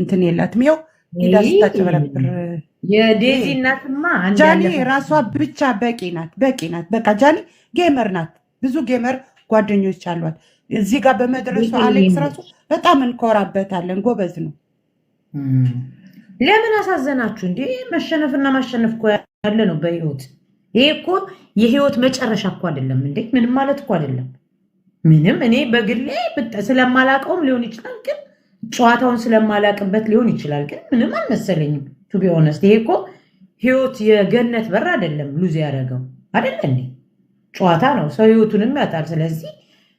እንትን የላትም። ያው ሄዳ ስታጭበረብር የዴዚ እናትማ ጃኒ ራሷ ብቻ በቂ ናት፣ በቂ ናት። በቃ ጃኒ ጌመር ናት። ብዙ ጌመር ጓደኞች አሏት። እዚህ ጋር በመድረሱ አሌክስ ራሱ በጣም እንኮራበታለን። ጎበዝ ነው። ለምን አሳዘናችሁ እንዴ? መሸነፍና ማሸነፍ እኮ ያለ ነው በህይወት። ይሄ እኮ የህይወት መጨረሻ እኮ አይደለም እንዴ! ምንም ማለት እኮ አይደለም። ምንም እኔ በግሌ ስለማላውቀውም ሊሆን ይችላል ግን ጨዋታውን ስለማላቅበት ሊሆን ይችላል። ግን ምንም አልመሰለኝም። ቱቢ ሆነስት ይሄ እኮ ህይወት የገነት በር አይደለም። ሉዝ ያደረገው አይደለ ጨዋታ ነው። ሰው ህይወቱንም ያጣል። ስለዚህ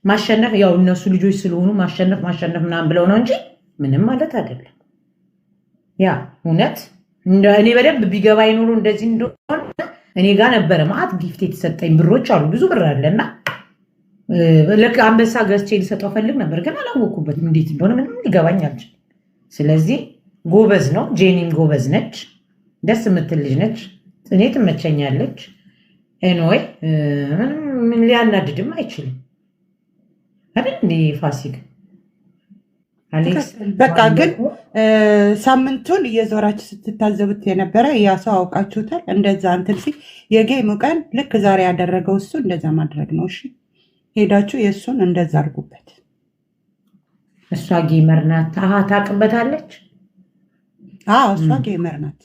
ማሸነፍ ያው እነሱ ልጆች ስለሆኑ ማሸነፍ ማሸነፍ ምናምን ብለው ነው እንጂ ምንም ማለት አይደለም። ያ እውነት እኔ በደንብ ቢገባ ይኖሩ እንደዚህ እንደሆነ እኔ ጋር ነበረ ማአት ጊፍት የተሰጠኝ ብሮች አሉ ብዙ ብር አለና ልክ አንበሳ ገዝቼ ልሰጠው ፈልግ ነበር፣ ግን አላወኩበትም። እንዴት እንደሆነ ምንም ሊገባኝ አልችል ስለዚህ ጎበዝ ነው። ጄኒም ጎበዝ ነች፣ ደስ የምትል ልጅ ነች። እኔ ትመቸኛለች። ኤንወይ ምንም ሊያናድድም አይችልም። አይደል እንደ ፋሲክ በቃ ግን ሳምንቱን እየዞራችሁ ስትታዘቡት የነበረ ያ ሰው አውቃችሁታል። እንደዛ እንትን ሲል የጌሙ ቀን ልክ ዛሬ ያደረገው እሱ እንደዛ ማድረግ ነው። እሺ ሄዳችሁ የእሱን እንደዛ አድርጉበት። እሷ ጌመር ናት። አሀ ታውቅበታለች። እሷ ጌመር ናት።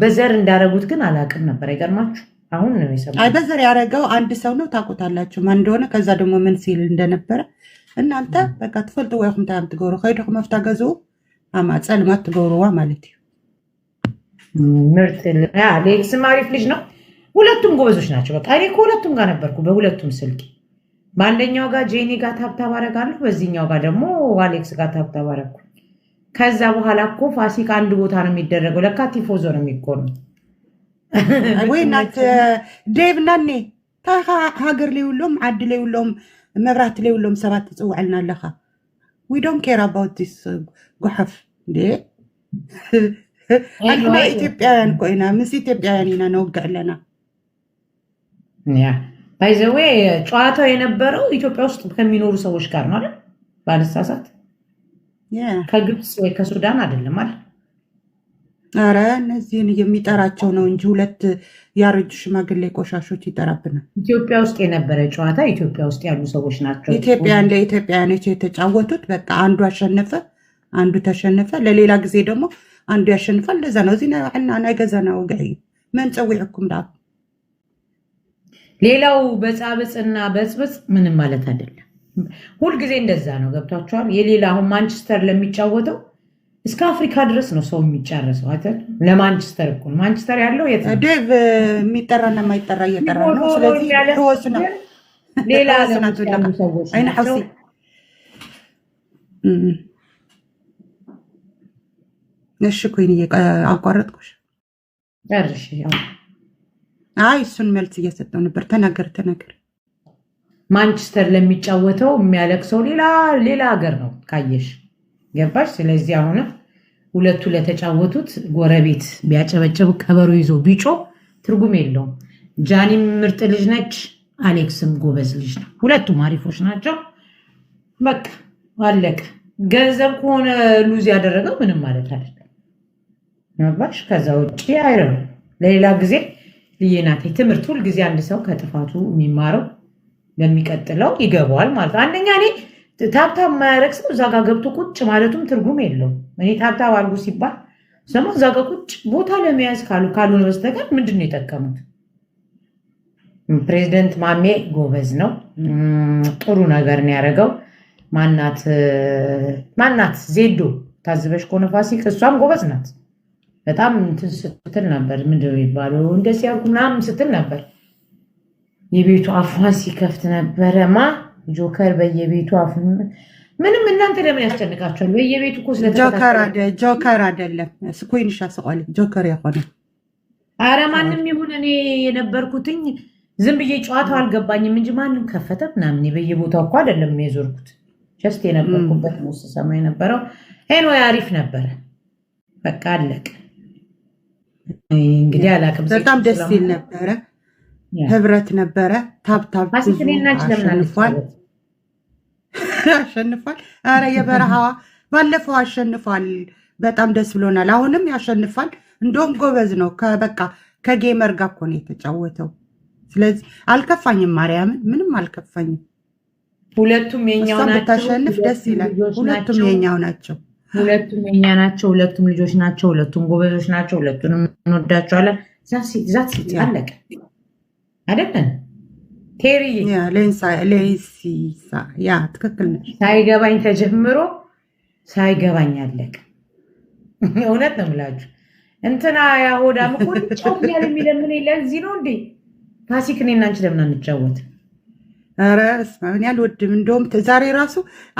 በዘር እንዳረጉት ግን አላውቅም ነበር። አይገርማችሁ? አሁን ነው የሰማሁት። አይ በዘር ያደረገው አንድ ሰው ነው። ታውቁታላችሁ ማን እንደሆነ። ከዛ ደግሞ ምን ሲል እንደነበረ እናንተ በቃ ትፈልጡ ወይኹም ታም ትገብሩ ከይድኹም መፍታ ገዝኡ አማ ፀልማት ትገብርዋ ማለት እዩ። ምርጥ አሌክስም አሪፍ ልጅ ነው። ሁለቱም ጎበዞች ናቸው። በቃ እኔ ከሁለቱም ጋር ነበርኩ። በሁለቱም ስልክ በአንደኛው ጋር ጄኒ ጋር ታብታብ አረጋለሁ፣ በዚህኛው ጋር ደግሞ አሌክስ ጋር ታብታብ አረግኩ። ከዛ በኋላ እኮ ፋሲካ አንድ ቦታ ነው የሚደረገው። ለካ ቲፎዞ ነው የሚቆኑ ወይ ናት ዴቭ ናኔ ታ ሃገር ለይብሎም ዓዲ ለይብሎም መብራህቲ ለይብሎም ሰባት ትፅውዐልና ዊ ዶን ኬር ኣባውት ዲስ ጉሓፍ ደ ኣንሕና ኢትዮጵያውያን ኮይና ምስ ኢትዮጵያውያን ኢና ነውግዕ ኣለና ባይዘዌ ጨዋታው የነበረው ኢትዮጵያ ውስጥ ከሚኖሩ ሰዎች ጋር ነው አይደል? ባልሳሳት ከግብፅ ወይ ከሱዳን አይደለም አይደል? አረ እነዚህን የሚጠራቸው ነው እንጂ ሁለት ያረጁ ሽማግሌ ቆሻሾች ይጠራብናል። ኢትዮጵያ ውስጥ የነበረ ጨዋታ ኢትዮጵያ ውስጥ ያሉ ሰዎች ናቸው። ኢትዮጵያን ለኢትዮጵያውያኖች የተጫወቱት በቃ አንዱ አሸነፈ፣ አንዱ ተሸነፈ። ለሌላ ጊዜ ደግሞ አንዱ ያሸንፋል። ነው እዚህ ና ነገ ዘና ዳብ ሌላው በጻብጽና በጽብጽ ምንም ማለት አይደለም። ሁልጊዜ እንደዛ ነው። ገብቷቸዋል። የሌላ አሁን ማንቸስተር ለሚጫወተው እስከ አፍሪካ ድረስ ነው ሰው የሚጨረሰው። አይተን ለማንቸስተር እኮ ነው ማንቸስተር ያለው ዴቭ የሚጠራና የማይጠራ እየጠራ ነው። ስለዚህ ሌላ ሰዎች እሺ፣ ኮይን አቋረጥኩሽ። አይ እሱን መልስ እየሰጠው ነበር። ተናገር ተናገር። ማንቸስተር ለሚጫወተው የሚያለቅሰው ሌላ ሌላ ሀገር ነው ካየሽ፣ ገባሽ? ስለዚህ አሁንም ሁለቱ ለተጫወቱት ጎረቤት ቢያጨበጨቡ ከበሮ ይዞ ቢጮ ትርጉም የለውም። ጃኒም ምርጥ ልጅ ነች፣ አሌክስም ጎበዝ ልጅ ነው። ሁለቱም አሪፎች ናቸው። በቃ አለቀ። ገንዘብ ከሆነ ሉዝ ያደረገው ምንም ማለት አይደለም። ገባሽ? ከዛ ውጭ አይረ ለሌላ ጊዜ ልዬ ናት። ትምህርት ሁልጊዜ አንድ ሰው ከጥፋቱ የሚማረው ለሚቀጥለው ይገባዋል ማለት ነው። አንደኛ እኔ ታብታብ የማያደርግ ሰው እዛ ጋር ገብቶ ቁጭ ማለቱም ትርጉም የለው። እኔ ታብታብ አድርጉ ሲባል ሰሞ እዛ ጋር ቁጭ ቦታ ለመያዝ ካሉ ካልሆነ በስተቀር ምንድን ነው የጠቀሙት? ፕሬዚደንት ማሜ ጎበዝ ነው። ጥሩ ነገር ነው ያደረገው። ማናት ማናት ዜዶ ታዝበሽ ከሆነ ፋሲክ እሷም ጎበዝ ናት። በጣም እንትን ስትል ነበር። ምንድን ነው የሚባለው? እንደዚህ ያልኩ ምናምን ስትል ነበር። የቤቱ አፏን ሲከፍት ነበረ። ማ ጆከር በየቤቱ አፉ ምንም እናንተ ለምን ያስጨንቃቸዋል? በየቤቱ እኮ ጆከር አይደለም ስኮይንሻ ስቆል ጆከር የሆነ አረ ማንም ይሁን እኔ የነበርኩትኝ ዝም ብዬ ጨዋታው አልገባኝም እንጂ ማንም ከፈተ ምናምን በየቦታው እኮ አይደለም የዞርኩት። ጀስት የነበርኩበት ነው ስሰማ የነበረው። ኤንወይ አሪፍ ነበረ። በቃ አለቀ። እንግዲህ በጣም ደስ ይል ነበረ። ህብረት ነበረ። ታብታብ አሸንፏል አሸንፏል። ኧረ የበረሃዋ ባለፈው አሸንፏል። በጣም ደስ ብሎናል። አሁንም ያሸንፋል። እንደውም ጎበዝ ነው። በቃ ከጌመር ጋር እኮ ነው የተጫወተው። ስለዚህ አልከፋኝም፣ ማርያምን ምንም አልከፋኝም። ሁለቱም የኛው ናቸው። ብታሸንፍ ደስ ይላል። ሁለቱም የኛው ናቸው። ሁለቱም የኛ ናቸው። ሁለቱም ልጆች ናቸው። ሁለቱም ጎበዞች ናቸው። ሁለቱንም እንወዳቸዋለን። ዛት ሲት አለቀ አይደለን? ቴሪዬ ትክክል ነሽ። ሳይገባኝ ተጀምሮ ሳይገባኝ አለቀ። እውነት ነው የምላችሁ። እንትና ያሆዳም እኮ ልጫወት እያለ የሚለምን እዚህ ነው እንዴ? ፋሲክ እኔ እና አንቺ ለምን አንጫወት? ኧረ እስማ እኔ አልወድም። እንደውም ዛሬ ራሱ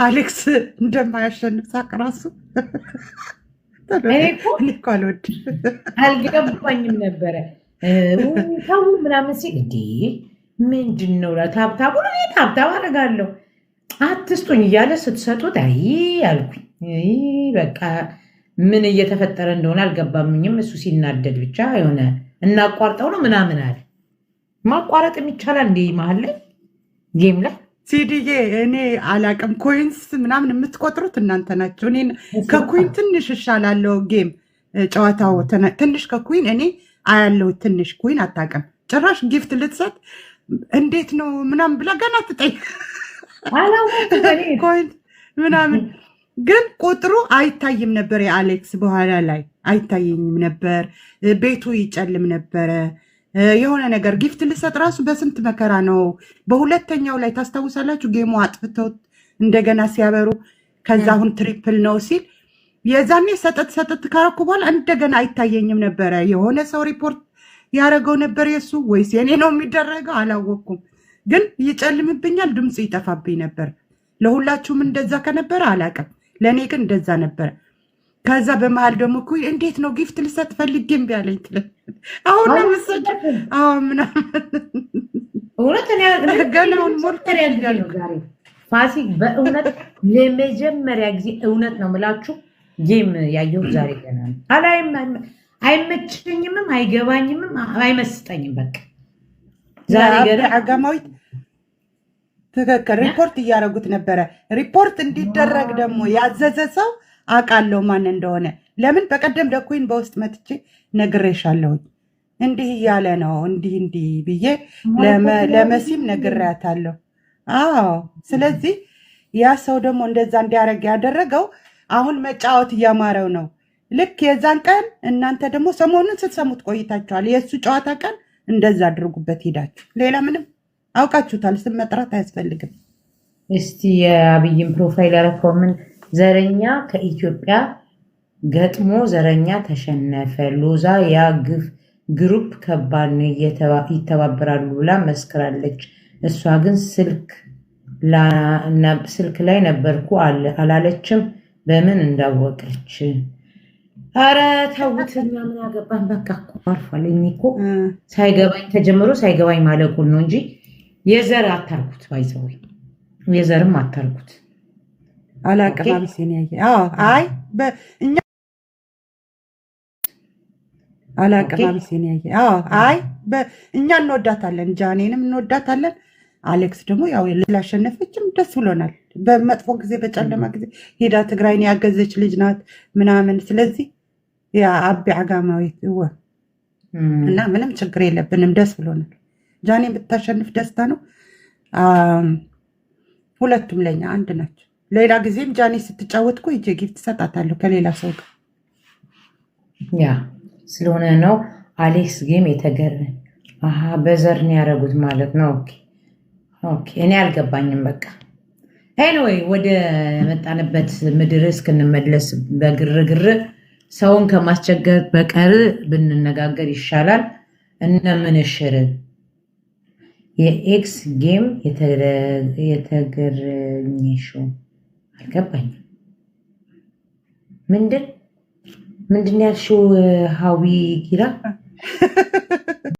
አሌክስ እንደማያሸንፍ ሳቅ ራሱ አልወድም አልገባኝም ነበረ ታቡ ምናምን ሲል እንዴ ምንድን ነው ታብታቡ ታብታብ አደርጋለሁ አትስጡኝ እያለ ስትሰጡት አይ አልኩኝ። በቃ ምን እየተፈጠረ እንደሆነ አልገባምኝም። እሱ ሲናደድ ብቻ የሆነ እናቋርጠው ነው ምናምን አለ። ማቋረጥ የሚቻላል እንደ መሀል ላይ ጌም ላይ ሲዲዬ እኔ አላቅም። ኮይንስ ምናምን የምትቆጥሩት እናንተ ናቸው። እኔ ከኩን ትንሽ እሻላለው ጌም ጨዋታው ትንሽ ከኩን እኔ አያለው ትንሽ ኩን አታቅም። ጭራሽ ጊፍት ልትሰጥ እንዴት ነው ምናምን ብላ ገና ትጠይቅ ምናምን ግን ቁጥሩ አይታይም ነበር። የአሌክስ በኋላ ላይ አይታየኝም ነበር። ቤቱ ይጨልም ነበረ። የሆነ ነገር ጊፍት ልሰጥ ራሱ በስንት መከራ ነው። በሁለተኛው ላይ ታስታውሳላችሁ፣ ጌሙ አጥፍተው እንደገና ሲያበሩ ከዛ አሁን ትሪፕል ነው ሲል የዛኔ ሰጠት ሰጠት ካረኩ በኋላ እንደገና አይታየኝም ነበረ። የሆነ ሰው ሪፖርት ያደረገው ነበር የሱ ወይስ የኔ ነው የሚደረገው አላወቅኩም፣ ግን ይጨልምብኛል፣ ድምፅ ይጠፋብኝ ነበር። ለሁላችሁም እንደዛ ከነበረ አላቅም ለእኔ ግን እንደዛ ነበረ። ከዛ በመሀል ደግሞ እኮ እንዴት ነው ጊፍት ልሰጥ ፈልጌ እምቢ አለኝ ትለኝ። አሁን ነው ምሰጭ አሁን ምናምን ገለውን ሞልተር ያለ ፋሲክ በእውነት ለመጀመሪያ ጊዜ እውነት ነው የምላችሁ ጌም ያየሁት ዛሬ ገና ነው። አይመችኝምም፣ አይገባኝምም፣ አይመስጠኝም። በቃ ዛሬ ገና አጋማዊት ትክክል ሪፖርት እያደረጉት ነበረ። ሪፖርት እንዲደረግ ደግሞ ያዘዘ ሰው አውቃለሁ ማን እንደሆነ። ለምን በቀደም ደኩኝ በውስጥ መጥቼ ነግሬሻለሁኝ። እንዲህ እያለ ነው እንዲህ እንዲህ ብዬ ለመሲም ነግሬያታለሁ። አዎ። ስለዚህ ያ ሰው ደግሞ እንደዛ እንዲያደርግ ያደረገው አሁን መጫወት እያማረው ነው። ልክ የዛን ቀን እናንተ ደግሞ ሰሞኑን ስትሰሙት ቆይታችኋል። የእሱ ጨዋታ ቀን እንደዛ አድርጉበት ሄዳችሁ። ሌላ ምንም አውቃችሁታል። ስም መጥራት አያስፈልግም። እስቲ የአብይን ፕሮፋይል ያረፈው ምን ዘረኛ ከኢትዮጵያ ገጥሞ ዘረኛ ተሸነፈ። ሎዛ ያ ግሩፕ ከባድ ነው ይተባበራሉ ብላ መስክራለች። እሷ ግን ስልክ ላይ ነበርኩ አላለችም። በምን እንዳወቀች? አረ ተውት፣ እኛ ምን አገባን? በቃ እኮ አልፏል። እኔ እኮ ሳይገባኝ ተጀምሮ ሳይገባኝ ማለቁን ነው እንጂ የዘር አታርኩት፣ ባይዘወይ የዘርም አታርኩት። አላውቅም። ያየ አይ እኛ አላውቅም። ያየ አይ እኛ እንወዳታለን፣ ጃኔንም እንወዳታለን። አሌክስ ደግሞ ያው ስላሸነፈችም ደስ ብሎናል። በመጥፎ ጊዜ በጨለማ ጊዜ ሄዳ ትግራይን ያገዘች ልጅ ናት ምናምን። ስለዚህ የአቢ አጋማዊ እወ እና ምንም ችግር የለብንም፣ ደስ ብሎናል። ጃኔን ብታሸንፍ ደስታ ነው። ሁለቱም ለኛ አንድ ናቸው። ሌላ ጊዜም ጃኔ ስትጫወት እኮ ይዤ ጊፍት እሰጣታለሁ ከሌላ ሰው ጋር ያ ስለሆነ ነው አሌክስ ጌም የተገረኝ። አሀ በዘር ነው ያደረጉት ማለት ነው። ኦኬ እኔ አልገባኝም። በቃ ኤኒዌይ ወደ መጣንበት ምድር እስክንመለስ በግርግር ሰውን ከማስቸገር በቀር ብንነጋገር ይሻላል። እነምንሽር ምንሽር የኤክስ ጌም የተገረኝሽው። አልገባኝም። ምንድን ምንድን ያልሽው ሀዊ ጊራ